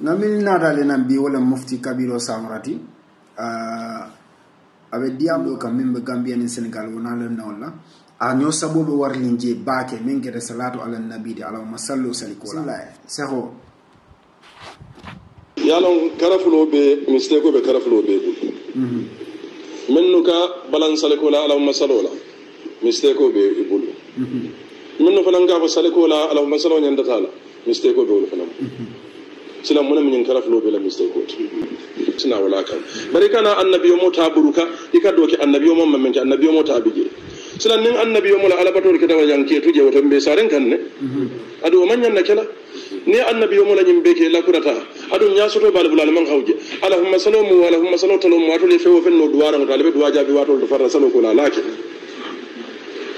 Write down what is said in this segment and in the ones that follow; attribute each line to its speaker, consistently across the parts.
Speaker 1: nomin naatale nan mbi wala mofti kabiro samrati aɓe ndiyam ɗo kam min ɓe gambiyani sénégal wona le nawolla a ño saɓoɓe warli je baake min gede salatu alal nabide alawma sallo salikola seho yalon karafulo ɓe mistekoɓe karafulo ɓe ɗum mhm. min nu ka balan salikola alawma salola mistekoɓe e ɓullu mhm. min nu fanan ga fo salikola alawma salo ñandatala mistekoɓe wol fanan mhm. sila muna min kala fulo bela mistake ko sina wala kan bari kana annabiyo mo ta buruka ika doki annabiyo mo mamman ki annabiyo mo ta bige sila nin annabiyo mo la alabator kita wa yanke tuje wato be saren kan ne ado man yanna kala ni annabiyo mo la nyim beke la kurata ado nya soto bal bulal man hawje allahumma salamu wa allahumma salatu talamu wato le fewo fenno duwara ngata le duwaja bi wato do farra salo ko la lake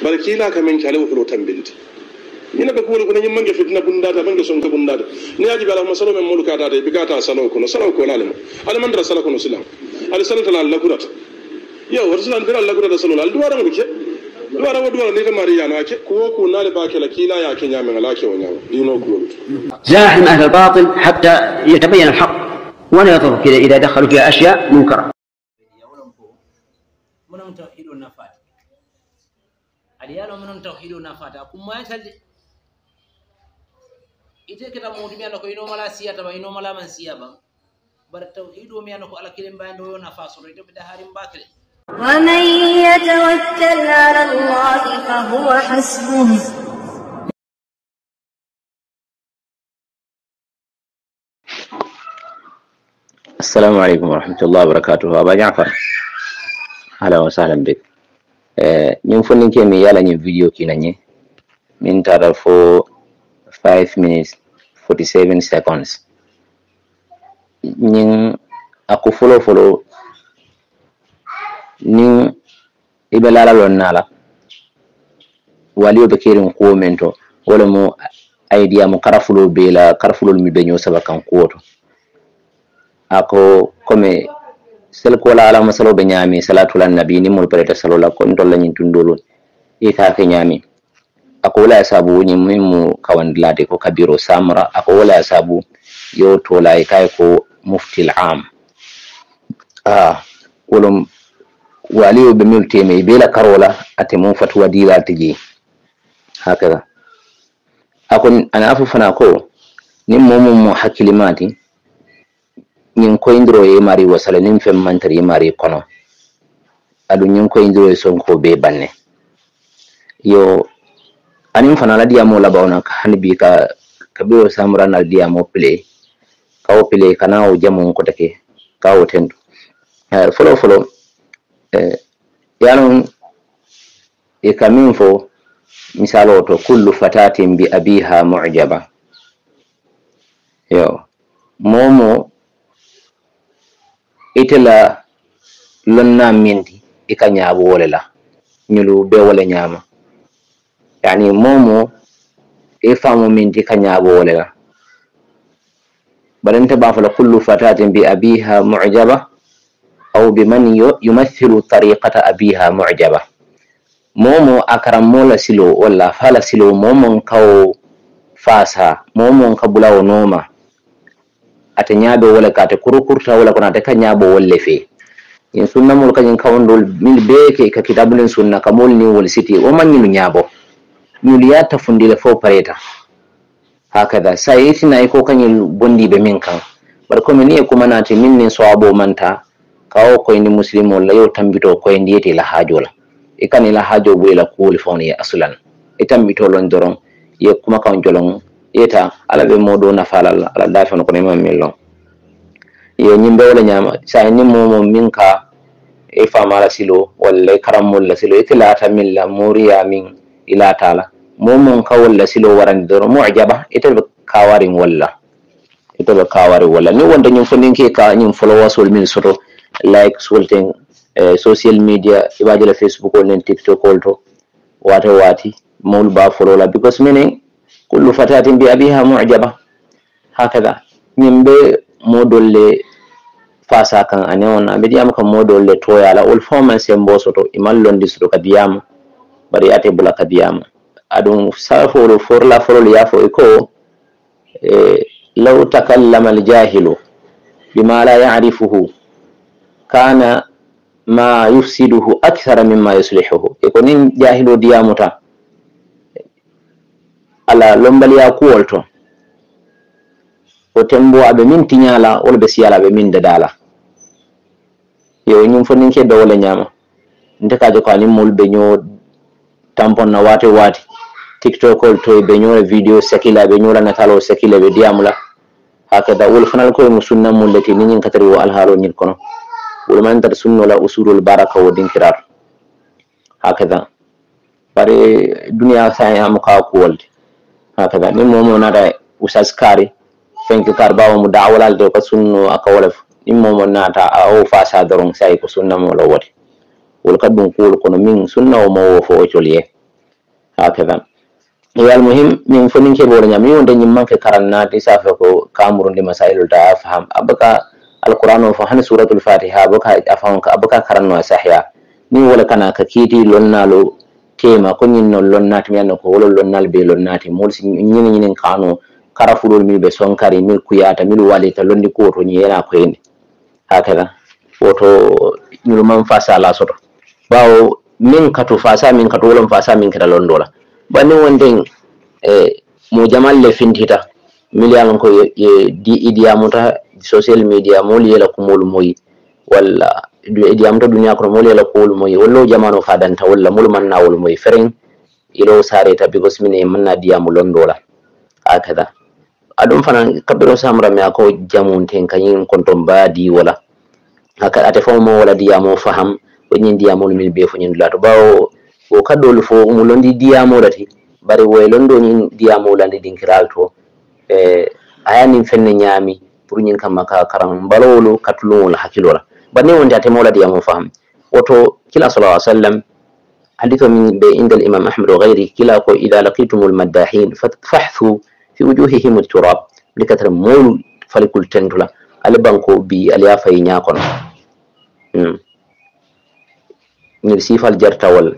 Speaker 1: bari kila kamen kale wo fulo tambinti ina be kuwol kono ñimmange fitna bundata mange sonka bundata ni yaji be alahuma salo men molu katata be kata salo kono salo kono alema ala mandara sala kono silam ala salatala alla kurata yo wata silan bira alla salo salola al duwara ngoke duwara wo duwara nita mari yana ke kuwo ku nale ba la kila ya ke nyamen ala ke wonyawa dino kuwo
Speaker 2: زاحم اهل الباطل حتى يتبين الحق ولا يضرك اذا دخلوا فيها اشياء منكره منهم توحيد النفات اليالو منهم توحيد النفات اكو ما يتل ite keta mawdu mi anda ko inomala siyata ba inomala man siya ba bar tawhidu mi anda ko ala kilim bayando yo nafa soro ite bida harim bakre
Speaker 1: ومن يتوكل على الله فهو حسبه
Speaker 2: السلام عليكم ورحمة الله وبركاته أبا جعفر أهلا وسهلا بك ñiŋ fo niŋ ke miŋ ye a la ñiŋ video kina ñe miŋ taata fo 5 minutes 47 seconds ñiŋ a ku folo folo niŋ i be lala loŋ na la waliyo be keriŋ kuwo mento to wo lemu ayidiyamu karafulo be la karafulolu mi be ñoo saba kaŋ kuwo to a ko komi selko la ala masalo be ñaami salatu lan nabi ni mol pareta salo la ko ntol la ñin tundolu i ke ñaami ako wala sabu ñiŋ miŋ mu kawandilate ko kabiro samra ako wala sabu yo tola ye kaye ko mufti am ah, wolom waliyo be min teme i bela karola la ate muŋ fatuwa diila ti je hakada ako ana fo fana ko niŋ moo muŋ mu hakkilimati ñiŋ koyindiro ye mari wasala niŋ fem mantari ye mari kono aduŋ ñiŋ koyindiro ye sonkoo be banne yo Ani fana la diamo labaw na hani bi ka kabiru samra na diamo play kawo play kana o jamu ko take kawo tendo folo folo eh yanon e kamin fo misalo to kullu fatatin bi abiha mu'jaba yo momo itela lonna mindi ika e ñaabu nyulu la ñulu be wole ñaama yani momo e famu min di ka ñaɓoole ga baɗan taɓafala kullu fatati bi abiha mujaba aw bi man yumathilu tariqata abiha mujaba momo akaram mola silo walla fala silo momon kawo fasa momon ka bulawo noma ata ñaɓe wole ka ate kurukurta wala kono ate ka ñaɓo wolle fe yin sunnamol kañin kawndol min beeke ka kitabulin sunna ka molnin wol siti womanñinu ñaɓo yuliya ta fundi da fo pareta da sa yi tina yi kan yi bondi da min kan bar ko ya kuma na ce min ne so abo manta kawo ko ni muslimo la yau tambito ko ni yete la hajo la e kan la hajo bo la ko le fawni aslan e tambito lon doron Ya kuma kan jolon yeta ala be modo na falal ala fa ko ne mamin ye yo ñimɓe wala nyama? sa ni mo min ka e famala silo walla e karam mulla silo ta laata min la muriya min ila taala momon ka walla silo warani doro mujaba ita be kawarin walla ita be kawarin walla ni wonde ñum fondinke ka ñum followasol min soto like solten eh, social media ibaje la facebook ol nen tiktok ol to wate wati mawlu ba follow la because minen kullu fatatin bi abiha mujaba hakada min be modolle fasa kan ane on abe kan modolle toyala ol sembo soto imal londi soto bari ate bulaka biyama aɗum safolu forla forol yafoy ko e law takallama aljahilu bima la yarifuhu kana ma yufsiduhu akthara mima yuslihuhu e ko nin jahilo diyamuta ala lombaliya kuwol ton o tembo aɓe min tiñala wol ɓe siyala aɓe min dadala yo ñum fo nin ke dowole ñama nte kajo ko anin mol ɓe ñoo tampon na wate tiktok ol toye ɓe ñola video sekila ɓe ñola natalo sekila ɓe diyamula hakada wol fanal koye mo sunna mum leti ni ñin katari wo alhaalo ñin kono wol man tar sunnola usulul baraka wo dinkiraɗo hakada bare duniya sayamo kawa kuwolde hakada ɗin momo nata usas kaari kar kaari mu mo do ko sunno aka wola fo ɗin momo nata a o fasa doron sai ko sunna mo lo wote والقدم فول كون من سنة وما وفو وشوليه هكذا يا المهم من فنين كبور نعم يون دي نمان في كرنا دي سافكو كامرون دي مسائل دا أفهم أبقى القرآن وفهن سورة الفاتحة أبقى أفهم أبقى كرنا سحيا ni wala kana ka kiti lonnalo tema ko ñin non lonnati mi ko wala lonnal be lonnati mol si ñin ñin kanu kara fulol mi be sonkari mi kuyata mi walita londi ko to ñi yana ko yende hakala woto ñulu man fasa la soto ɓawo min kato fasa min kato wolon fasa min keta londola bannin wonden e mo jamalle fintita miliyaman ko idiyamuta social media moolu yela kumolu moyi walla idiyamuta duniya kono moolu yela kowolu moyi wallao jamano fadanta walla molu mannawol moyi ferin ilo sareta because mine e manna diyamu londola akada aɗum fana kabbiro samrami ako jamunten kañin konton baadi wala aka ate fomo wala diyamo faham ɗon ndiyamol min be foñinulato ɓawo o kaɗɗol fo mulondi ndiyamolati bare waylondoñin ndiyamolandi ɗinkiral to e eh, ayanin fenne ñaami pour ñin kamma ka karan mbalowolu katulugol hakkilola banni wonde a temola ndiyamo faham woto kila sala ah sallam hadith min be indal imam ahmad wa gayri kila ko ida laqitum lmaddahin fahthu fi wujuhihim lturab likatara molu falikul tentula ali bi aliya fayi mm. ngir sifal jartawol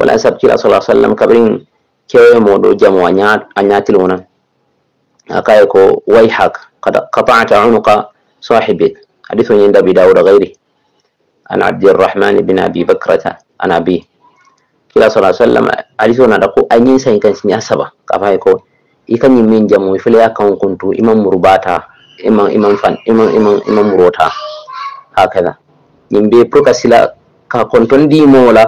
Speaker 2: wala sabtila sa sallam kabrin kewe moɗo jamo a ñatilwonan akaye ko wayhak kad qata'ta unuqa sahibik hadithu عند أبي داود غيره عن عبد الرحمن بن أبي بكرة عن أبيه kila sala sallam ali sona da ko anyi sai kan sinya saba kafa ko ikan yin min jamu fili ya kan kuntu imam murbata imam imam fan imam imam imam murota hakaza yin be proka sila ka konton di mola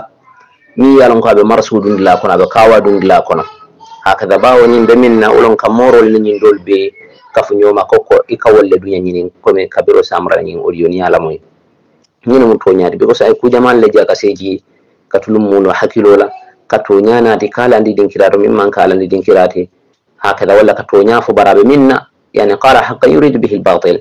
Speaker 2: ni yalon ko aɓe mara suudundila kono be kawa dundila kono da bawo ñin be min na olon ka le ni ñin dol be kafu ñoma kokko e ka wolle duña ñinin comme kabiro samra ñin audio ni no to nyaade be ko because ay kujaman le jaga seji katulum muno hakkilola ka toñanati kalandi dinkirato min man kala ndi din dinkirati hakada walla ka toña fo baraɓe min na yani qala haqa yurid bihi al batil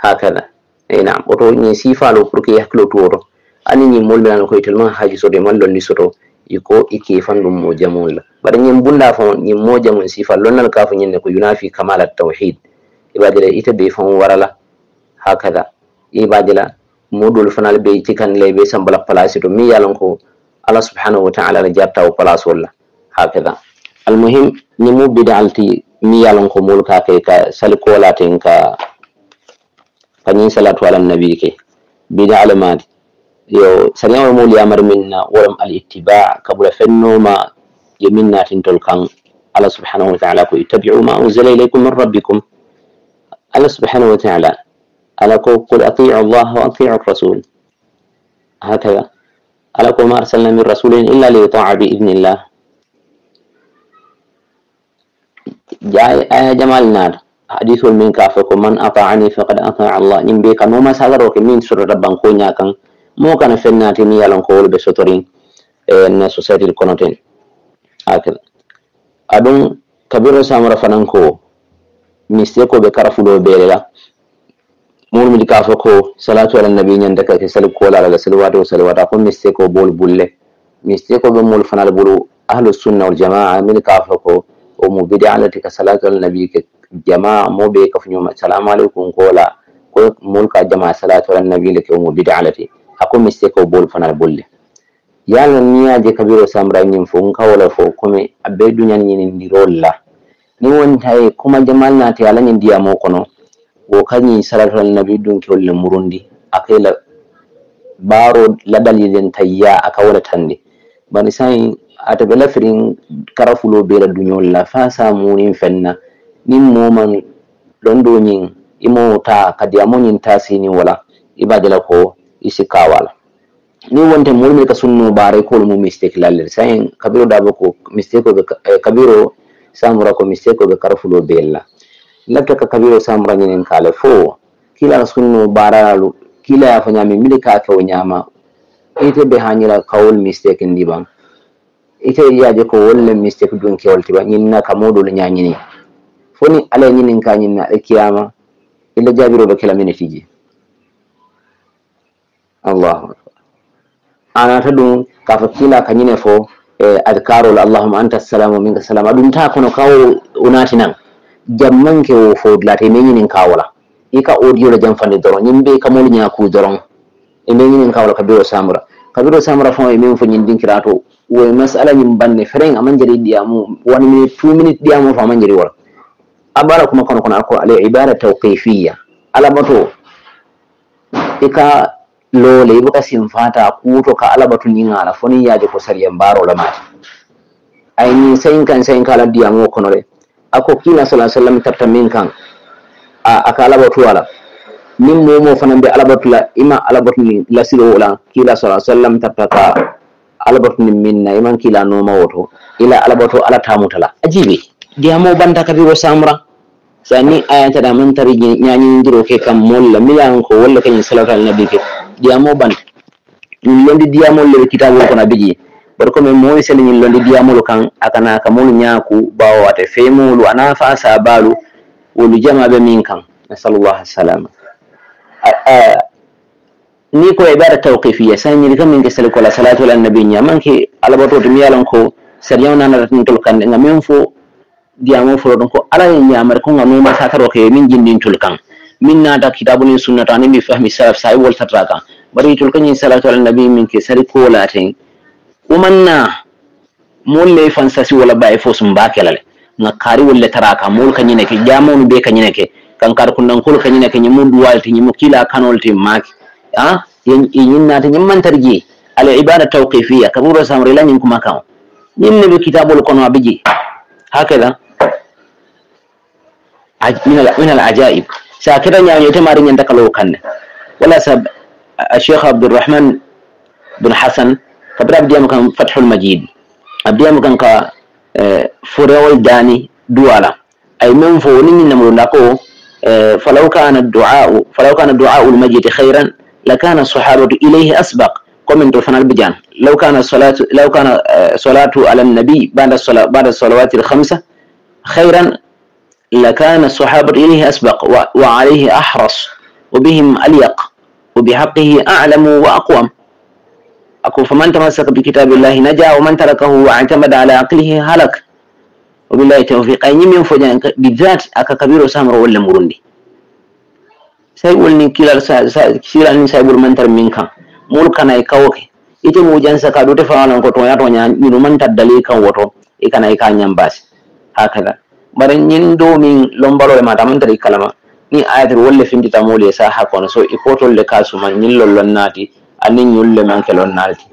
Speaker 2: lbatil da e o to ni sifalo pour que to tuwoto ani ñim mol ko itel haji soto man londi soto iko ike fandum mo jamulla bara ñim bunda fa ñim mo jamun sifa lonnal ka fa ñenne ko yunafi kamala tawhid ibadila ita be fan warala hakada ibadila modul fanal be tikan le be sambala place to mi yalan ko allah subhanahu wa ta'ala na jatta o place wala hakada almuhim ni mu bid'alti mi yalan ko mol ka kai ka salko latin ka kanyin salatu ala nabi ke bid'a يو سريان مولي أمر من ورم الاتباع كبر فنو ما يمنا تنتل على سبحانه وتعالى يتبعوا ما أنزل إليكم من ربكم على سبحانه وتعالى على قل أطيع الله وأطيع الرسول هكذا على ما أرسلنا من رسول إلا ليطاع بإذن الله جاء آية جمال نار حديث من كافكم من أطاعني فقد أطاع الله إن بيكم وما سأدروك من سر ربان كونيا mo kana fennati ni yalan ko wolɓe sotorin e, no society l konoten hakada adun kabiru samara fanan ko mistake ko be kara fuɗo beele la murmidi ka fa ko salatu ala nabi sal ko sali kolalaga salwata o salwata ko mistake ko bol bulle mistake ko ɓe mol fanal bulu ahlu sunna wal jamaa min ka fa ko omo bidi alati ka salatu ala nabi ke jamaa moɓe kafuñoma salamu ko kola ko mol ka jama salatu ala nabi le ke omo bidi alati ako mistake bol fana bolle yala ni je kabiro samra nyin fo nka wala fo kome abe dunya nyin ndirolla ni won tay e, kuma jamal na ta yala nyin diya mo kono wo kanyi salatu nabi dun ke wala murundi akai baro ladal yeden tayya aka tande bani sai ata bela firin karafulo bela dunyol la fa samu nin fenna nin moman londo nyin imo kadiamo nyin tasini wala ibadala ko isi kawala ni wonte mulu ka sunnu bare ko mu mistake lalle sayin kabiro dabo ko mistake ko eh, kabiro samura ko mistake ko karfulo bella latta ka kabiro samura nyinen kale fo kila sunnu baralu kila ya fanya mi mil ka ka ite be hanyira kawul mistake ndiban ite yaje ko wolle mistake dun ke wolti ba nyinna kamodo le nyanyini foni ala nyinin ka nyinna kiyama ila jabiro be kala minitiji allahu akbar anata ɗum kafa kila kañine fo e eh, adkarol allahuma anta salamu minka salam aɗum ta kono kawo unati nan jammanke o fo dilata ime ñinin kawola ika odiola jamfande doron yimɓe kamolu ñaku doron ime ñinin kawola kabiro samura kabiro samura fo e min fo ñindinkira to woy masala ñin banne feren aman jari ɗiyamu one minute two minute ɗiyamu fo aman jari wala abara kuma kono kono ako ala ibada tawqifiya alabato ika lo leybuka sinfata kuto ka alaba alabatu ñiŋala foni ya yaje ko sariyan baaro la mati aye niŋ sayin kaŋ sayin ka ala diyaŋo kono le a ko kiila sala sallam tarta miŋ kaŋ a ka alabatu a la niŋ moo moo fanaŋ be alabatu la i ma alabatu niŋ lasiro la kiila sala sallam tarta ka alabatu niŋ miŋ na i maŋ kiila nooma wo to i la alabatu ala taamuta ajibi diya diyamoo banta kati wo saamura sa niŋ ayanta da maŋ tari ñañiŋ jiro ke kaŋ moolu la ko wolu le ka ñiŋ nabi ke diamo ban min londi diamo le ko na biji bar ko men moy sel min londi diyamol kan akana mon nyaku bawo ate femolu ana fa sabalu lu jama be min kan sallallahu salama ni ko ibada tawqifiyya sai ni kam min gesel ko la salatu ala nabiyya manki alabato to miyalan ko sariyaw nana ratin tol kan ngam men fo diamo fo don ko ala nyamar ko ngam ma sataro ke min jindin kan min nata kitabuni sunnatani mi fahmi salaf sahi wal satraka bari tol kanyi salatu ala nabi min ke sari ko latin umanna mol le fansasi wala bay e fo sum kelale nga kari wala taraka mol kanyi ne ke jamon be kanyi ne ke kan kar kundan kol kanyi ne ke nyi mundu walti nyi mukila kanolti mak ha yin nata nyi man tarji al ibada tawqifiyya kaburo samri la kuma kan yin ne kitabul kono abiji hakada min al ajaib ساكرا يعني يتمارين ينتقلوا كان ولا سب الشيخ عبد الرحمن بن حسن قبل أبدي مكان فتح المجيد أبدي مكان كا آه، فرول داني دوالا أي من فونين نمو لكو آه، فلو كان الدعاء فلو كان الدعاء المجيد خيرا لكان الصحابة إليه أسبق قمن دفن البجان لو كان الصلاة لو كان آه، صلاة على النبي بعد الصلاة بعد الصلوات الخمسة خيرا لكان الصحابة إليه أسبق وعليه أحرص وبهم أليق وبحقه أعلم وأقوم أكو فمن تمسك بكتاب الله نجا ومن تركه واعتمد على عقله هلك وبالله التوفيق أي من فجأة بالذات أكا كبير سامر ولا مرندي سيقولني كلا سيلا ني سيقول من تر منك ملكا نيكوك ite mu jansa ka do te fa ko to ya to nya minu man tadali kan bari ñin do min lombalo le mata mantari kalama ni ayatul wolle findita mole sa hakono so i kotol le kasuma ñin lollon naati anin ñulle manke lon naati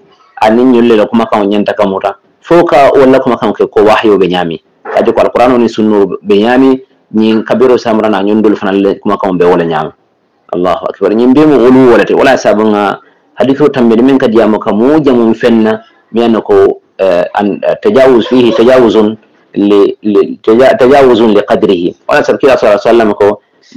Speaker 2: anin ñulle le kuma kan ñanta kamuta fo ka walla kuma kan ke ko wahyo be ñami kadi ko alqur'anu ni sunnu be ñami ñin kabiro samrana ñundul fanal le kuma kan be wala ñama allahu akbar ñin be mo wolu wolate wala sabunga hadithu tambede min kadi yamo ka mo jamu fenna mi ko eh, an eh, tajawuz fihi tajawuzun تجاوز لقدره ونسأل كده صلى الله عليه وسلم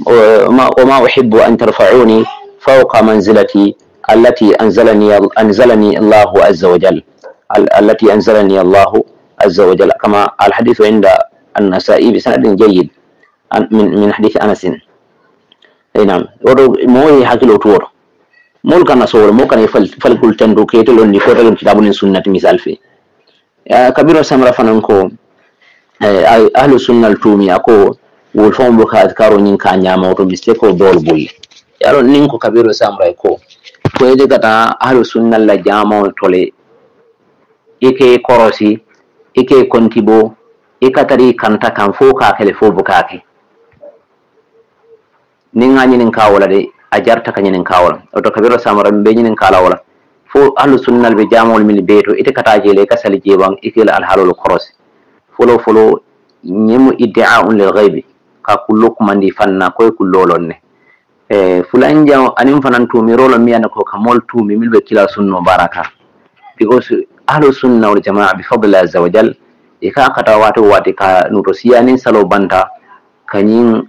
Speaker 2: وما أحب أن ترفعوني فوق منزلتي التي أنزلني أنزلني الله عز وجل التي أنزلني الله عز وجل كما الحديث عند النسائي بسند جيد من من حديث أنس اي نعم موي حكي الأطور مول كان صور مو كان فلكل تندو كيتلون نفوتلون كتابون السنه مثال في كبير سمرة فنانكو Eh, ahlu sunnal tumiya ko wol fon bo ka karo nyin ka nyama to mistake ko dol boyi yaro nin ko kabiru samra ko ko yede kata ahlu sunnal la jama tole ike korosi ike kontibo ikatari kanta kan fo ka kele fo bukake nin ga nyinin ka wala de a jarta ka nyinin ka wala to kabiru samra be nyinin ka la wala fo ahlu sunnal be jama min beto ite kata jele ka sali jeban ikela al halul korosi folo folo nyemu ɲemu un lil ghaibi ka kullo kumandi fanna koye kullolon ne e eh, fulan jaw anin fanan mi rolo mi an ko kamol mol mi milbe kila sunno baraka because ahlu sunna wal jamaa bi fadli azza wa jal e ka kata wati wati ka nuto siyani salo banta kanyin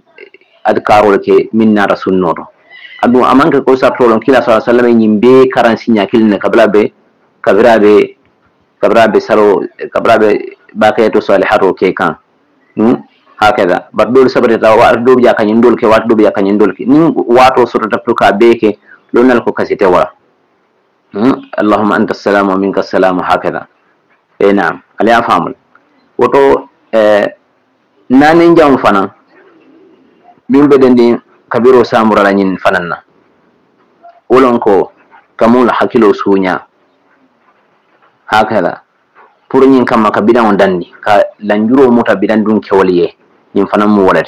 Speaker 2: adkarol ke minna nata do adu amanka ko sa tolon kila sa sallam e ñin be kabla be kabra be kabra be salo kabra be yato salihar ke kan da bar dole sabata ta wa dubi biya kan indol ke wa do biya kan indol ke ni wato ta tuka beke lonal ko kasite wala allahumma anta assalamu wa minka assalamu da e na'am ali ya afamul woto eh nanin jam fana min be dendi kabiro samura la nyin fanan na ulon ko kamul hakilo sunya da pour ñin kamma ka bidaŋo danni ka lanjuro muta bidan dun kewol ye ñin fana mu wolete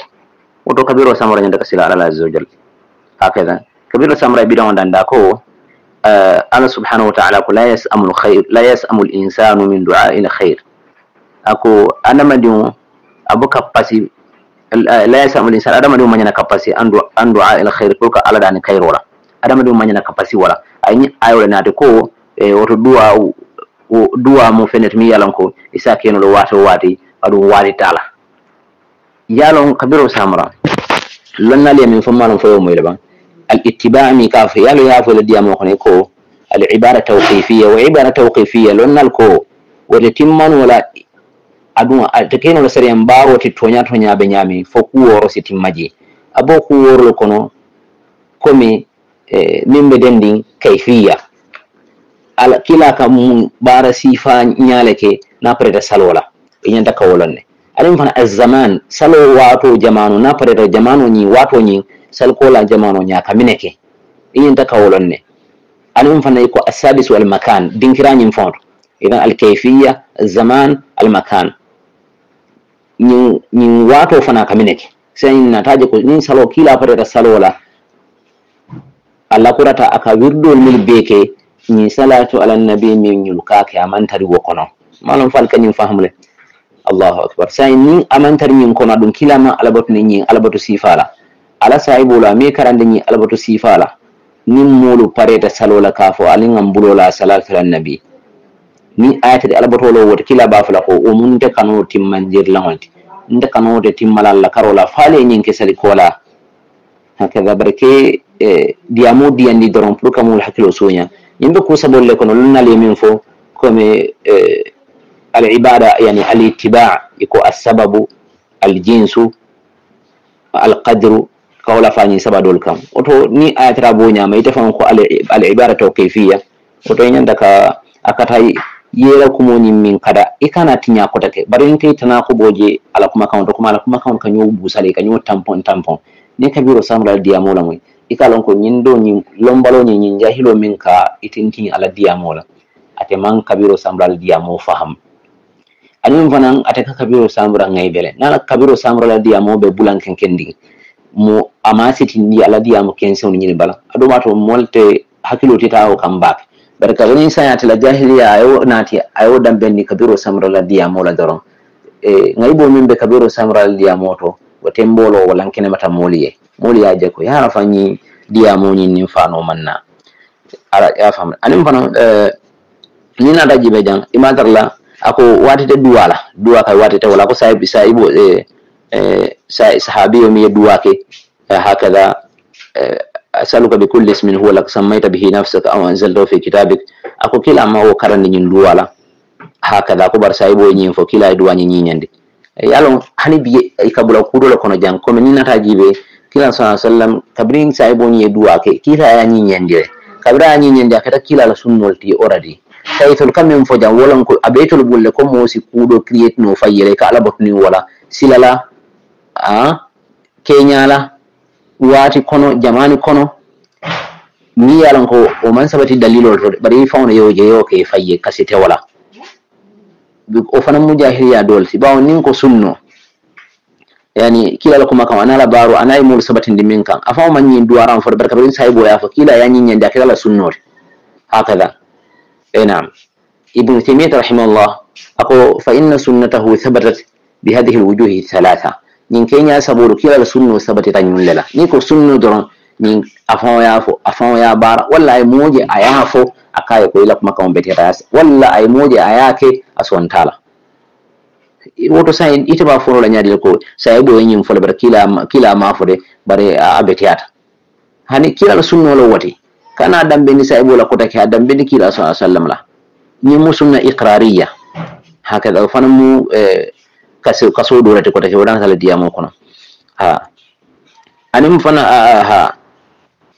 Speaker 2: woto kabiro samara ñanda ka sila alala azza wa jal hakada kabiro samara bidaŋo danda ko uh, allah subhanahu wa taala ko la yasamu lkhair la yasamu linsanu min duai lkhair ako adamadiŋo abo kappasi la yasamu linsan adamadiŋo mañana kappasi an duai lkhair pour ka ala dani kayro la adamadiŋo mañana kappasi wala ayi ayo le naate ko eh, woto duwa wo duwa mo fenet mi yalon ko isa e keno lo wato wati adu wati tala yalon kabiro samra lonnali min fo malon foyo moyle ba al ittiba mi ka yalo ya fo le diyamo khone ko al ibara tawqifiyya wa ibara tawqifiyya lonnal ko wala timman wala aɗum tekeno lo mbaro ti tonya tonya be nyami fo kuworo si timmaji abo kuworol kono komi eh, min ɓe kayfiyya kayfiya ala kila ka mun bara sifa nyale ke na pare da salola da kawolan ne alim fana azzaman salo wato jamanu na pare da jamanu ni wato ni sal kola jamanu nya ka mineke da kawolan ne alim fana iko asabis wal makan din kira ni fon idan al kayfiyya zaman al makan ni ni wato fana ka mineke sai na taje ko ni salo kila pare da salola alla kurata aka wirdo mil beke ñiŋ salatu ala nabi miŋ ñolu ka ke a maŋ tari wo kono malon fal ka ñiŋ fahamu le allahu akbar sayi niŋ a maŋ tari ñiŋ kono aduŋ kilama alabatu ne ñiŋ alabatu sifa ala sahibolu a miŋ karandi ñiŋ alabatu sifa la niŋ pareta salo la ka fo la salatu ala nabi niŋ ayatati alabatoo lo woto kila baa fo la ko wo mu nte kanoo timmandirlaŋol ti nte kanoo te timmalal la karo la faale ñiŋ ke sali koo la hakada bare ke diyamoo diyandi doroŋ pour ka yimɓe kuusadolle kono lonnali e min fo komi eh, al ibada yani al ittiba iko assababu al jinsu al qadru kawla fañi sabadol kam oto ni ayatara boñama ite fan ko al ibada tawkifiya oto e ñanda ka akata yera kumoñin min kada ikana tinya tiña kotake bari n kei tana ko boje ala kuma kawto kuma ala kuma kawto kanyo busale kanyo tampon tampon ne kabiro samral diyamola moy i lon ko ñin do ñin lombalo ñin ñin jahilo min ka itintin ala diyamo la ate man kabiro sambra ala diyamo faham anin fanan ate ka kabiro sambra ngay bele nana kabiro sambra ala diyamo be bulan ken kendi mo ama sitindi ala diyamo kensew ñin bala aduma to molte hakilo titawo kam baake bari kabini sayati la jahiliya ayo nati ayo dambe ni kabiro sambra ala diyamo la doron e ngay bo min be kabiro sambra ala diyamo to wotembolo walankinema ta moolu ye moolu eh, eh, eh, ye je ko ye ala fa ñiŋ diyaamoo ñiŋ niŋ faanoo maŋ na ala ye a faamu aniŋ fanaŋ niŋ naata jibe jaŋ i maŋ ko waati te duwa la duwa ka waati te duwa ke hakada asaluka bikulli ismin huwa lak sammaita bihi nafsaka aw anzaltahu fi kitabik ako kila ma wo karandi ñiŋ duwa hakada ko bari sahibo ye fo kila duwa ñiŋ ñiñandi E yaalon hani bi i e kabula kuudole kono jang komi ninata jibe kila sa sallam kabiri saiboñi e, e duwake kiita ya ñiñendire kabira ya ñiñendi a keta kiilala sunnolti oradi taytol kam min fo jam wolanko a ɓeytol ɓulle comme moosi kuuɗo criétino fayyele ka alabatunin wala silala a keñala waati kono jamani kono mi yalanko o man sabati dalilol to de ɓaɗi fawno yewjeyo ke fayye kasite wala o fana mu dol si bawo nin ko sunno yani kila la kuma kam anala baro anayi mul sabatin min kan afa man yin duwaran fo barka bin sahibo ya fa kila ya nyin nyanda kila la sunnor hakada eh na'am ibn taymiyyah rahimahullah ako fa inna sunnatahu thabatat bi hadhihi alwujuh thalatha nin kenya saburu kila la sunno sabati tan nyulela ni ko sunno don nin afa ya fo afa ya bara wallahi moje ayafo akaye ko ilak maka on beteta yasi walla ay moje a yake a woto sa en itaba forola ñaadil ko sa e ɓoye ñim fole kila kila mafode bare a beteyata hani kilala sunnolo wati kana dambeni sa e ɓola kotake ha dambeni kila sa sallam la ñimmo sunna iqrariya hakada fana mu e, kaso dorete kotake woɗan sala diyamo kono ha anin fana ha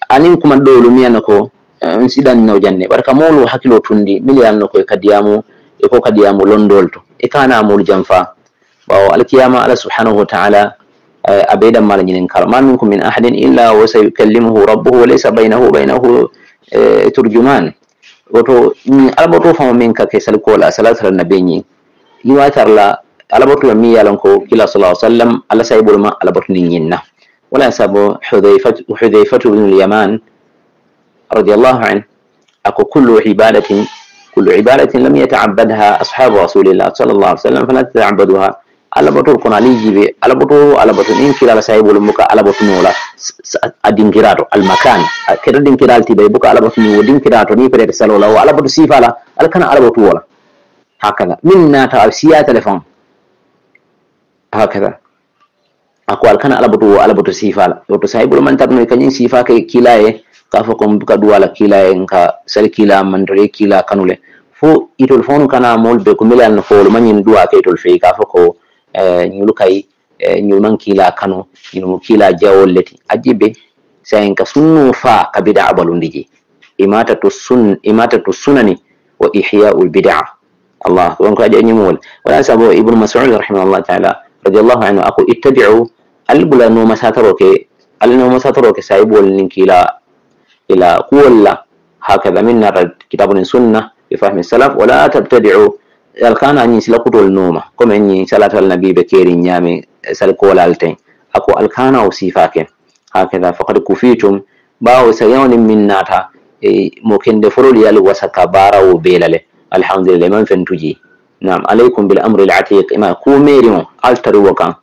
Speaker 2: anin kuma ɗowlu miyana ko siɗanno janne ɓar ka mawlu hakkilo tundi miliyalno koye kadiyamu e ko kadiyamu londol to e kana mawlu jam fa ɓawo alkiyama allah subhanahu wa taala abe ɗan mala ñinen kala ma minkum min ahadin illa wa sayukallimuhu rabbuhu wa laysa baynahu wa baynahu turjuman woto alaɓoto fama min ka ke salkola salatala nabe ñi yiwatarla alaɓotula mi yalon ko kila sa sallam allah sayɓolma alaɓotuni ñinna wala sabo hudayfatu bnu lyaman رضي الله عنه أقول كل عبادة كل عبادة لم يتعبدها أصحاب رسول الله صلى الله عليه وسلم فلا تتعبدوها على بطول كنا ليجي على بطول على بطول إن كلا سايب المكا على بطول نولا أدين كرادو المكان كذا دين كرال تبي بكا على بطول نولا دين كرادو ني بريد سلو على بطول سيف على على كنا على بطول ولا هكذا من ناتا سيا تلفون هكذا أقول كنا على بطول على بطول سيف على بطول سايب المكان تبني كنين سيف كي كلا ka fo ko ka duwala kila en ka sal kila mandole kila kanule fo itol fonu kana mol be ko milal no fo manyin duwa ke itol fe ka fo ko nyulu kai nyulu man kila kanu nyulu kila jawol leti ajibe sai ka sunnu fa kabida bid'a balundiji imatatu sun imatatu sunani wa ihya'ul bid'a Allah ko ko ajani mol wala sabo ibnu mas'ud rahimahullah ta'ala radiyallahu anhu aku ittabi'u albula no masataro ke alno masataro ke sai bol إلى قوة هكذا منا كتاب السنة بفهم السلف ولا تبتدعوا الكان أني سلقوا النوم قم أني سلف النبي بكير نيامي سلقوا الالتين أكو الكان أو صفاك هكذا فقد كفيتم باو سيون من ناتا ممكن دفرول يلو وسكبارا وبيلالي الحمد لله من فنتجي نعم عليكم بالأمر العتيق إما كوميريون ألتروا كان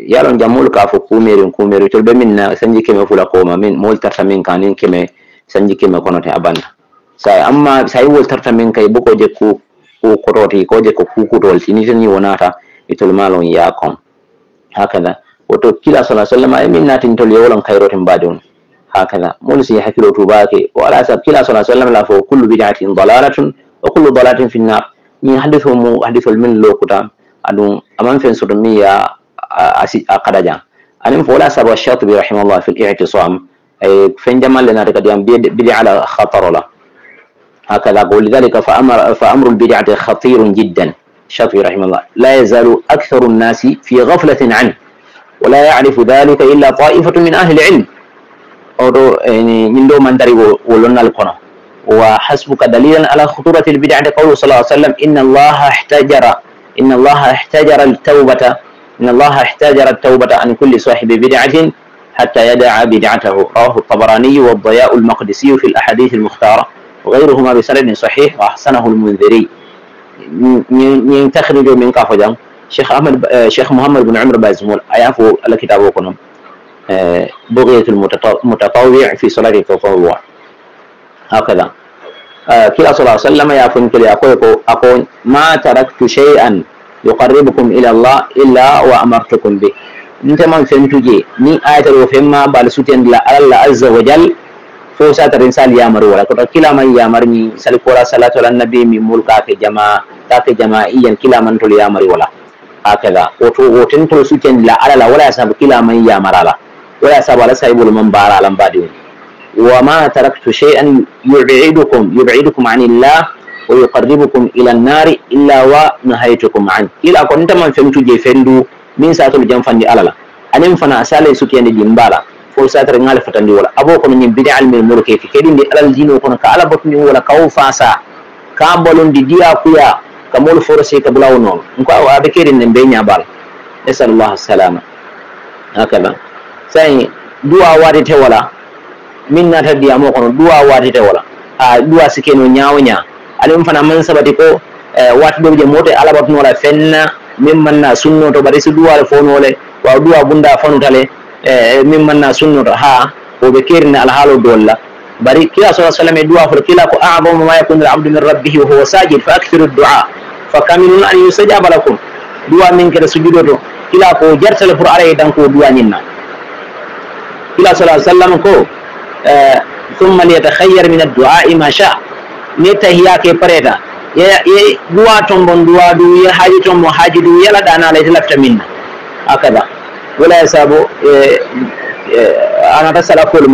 Speaker 2: yaron jamul ka fo kumeri kumeri tol be min na sanji keme fula koma min mol tarta sanji kima kono te abana sai amma sai tarta min kay boko je ku kukuroti ko je ko kukutol tini tan wonata itul malon kon. hakada woto kila sala sallam ay min natin tol yolon kayrotin badun hakada mun si hakilo to bake wa ala sab kila sala sallam la fo kullu bid'atin dalalatun wa kullu dalalatin fi nar ni hadithu mu hadithul min lokuta adun aman fen sodomiya akadajan anin fo la sab wa shatibi rahimahullah fil i'tisam فين جمال لنا قد بلي على خطر له هكذا أقول لذلك فأمر فأمر البدعة خطير جدا الشافعي رحمه الله لا يزال أكثر الناس في غفلة عنه ولا يعرف ذلك إلا طائفة من أهل العلم أو يعني من دون من ولنا القناة وحسبك دليلا على خطورة البدعة قوله صلى الله عليه وسلم إن الله احتجر إن الله احتجر التوبة إن الله احتجر التوبة عن كل صاحب بدعة حتى يدع بدعته رواه الطبراني والضياء المقدسي في الأحاديث المختارة وغيرهما بسند صحيح وأحسنه المنذري من تخرج من قفجا شيخ أحمد ب... آه، شيخ محمد بن عمر بازمول أيافو الكتاب وكنم آه، بغية المتطوع في صلاة التطوع هكذا آه، كلا صلى الله عليه وسلم يا فنكل أقول ما تركت شيئا يقربكم إلى الله إلا وأمرتكم به man nteman fentuge ni ayataro femma bal sutendila allah azza wa jal fo satarin sal yamar wala koto kilaman yamarni sal kora salatu ala nabi min mul kake jama kake jama iyan kilaman tol yamari wala hakaga woto wotin tol la alala wala sabu kilaman yamarala wala sa bala sai bul man bara alan badiwoni وما تركت شيئا يبعدكم يبعدكم عن الله ويقربكم إلى النار إلا ونهيتكم عنه إلا كنت من فهمت جي فندو min satolu janfandi fandi alala anin fana sale sukiyandi dimba la fo satara ŋale fatandi wala abo kono ñin bidal min fi kedi ndi alal dino kono ka ala wala wola kawo sa ka di dia kuya ka mol forse ka blaw non nko awa abe kedi ne be sallallahu alaihi salama hakala sai wadi te wala min na nata konon kono wadi te wala a dua sikeno ñawo ña anin fana man sabati ko eh, wat do je mote ala la fenna min manna sunnoto bari so duware fonole waw duwa bunda fanutale e min manna sunnoto ha woɓe kerina alhaalo dolla bari kila sa sallam e duwa foto kila ko adamu ma yakunu alabdu min rabbihi wa huwa sajid fa actiru dua fa kaminun an yustajaba lakum duwa min kede sujudoto kila ko jartale pour ara e danko duwañinna kila sa sallam ko thumma liyatahayyar min adduai ma sha ne tahiyake pareta duwa tombon duwa du ya haji tombo haji du yala la alayta lafta minna wala ya sabo anata sala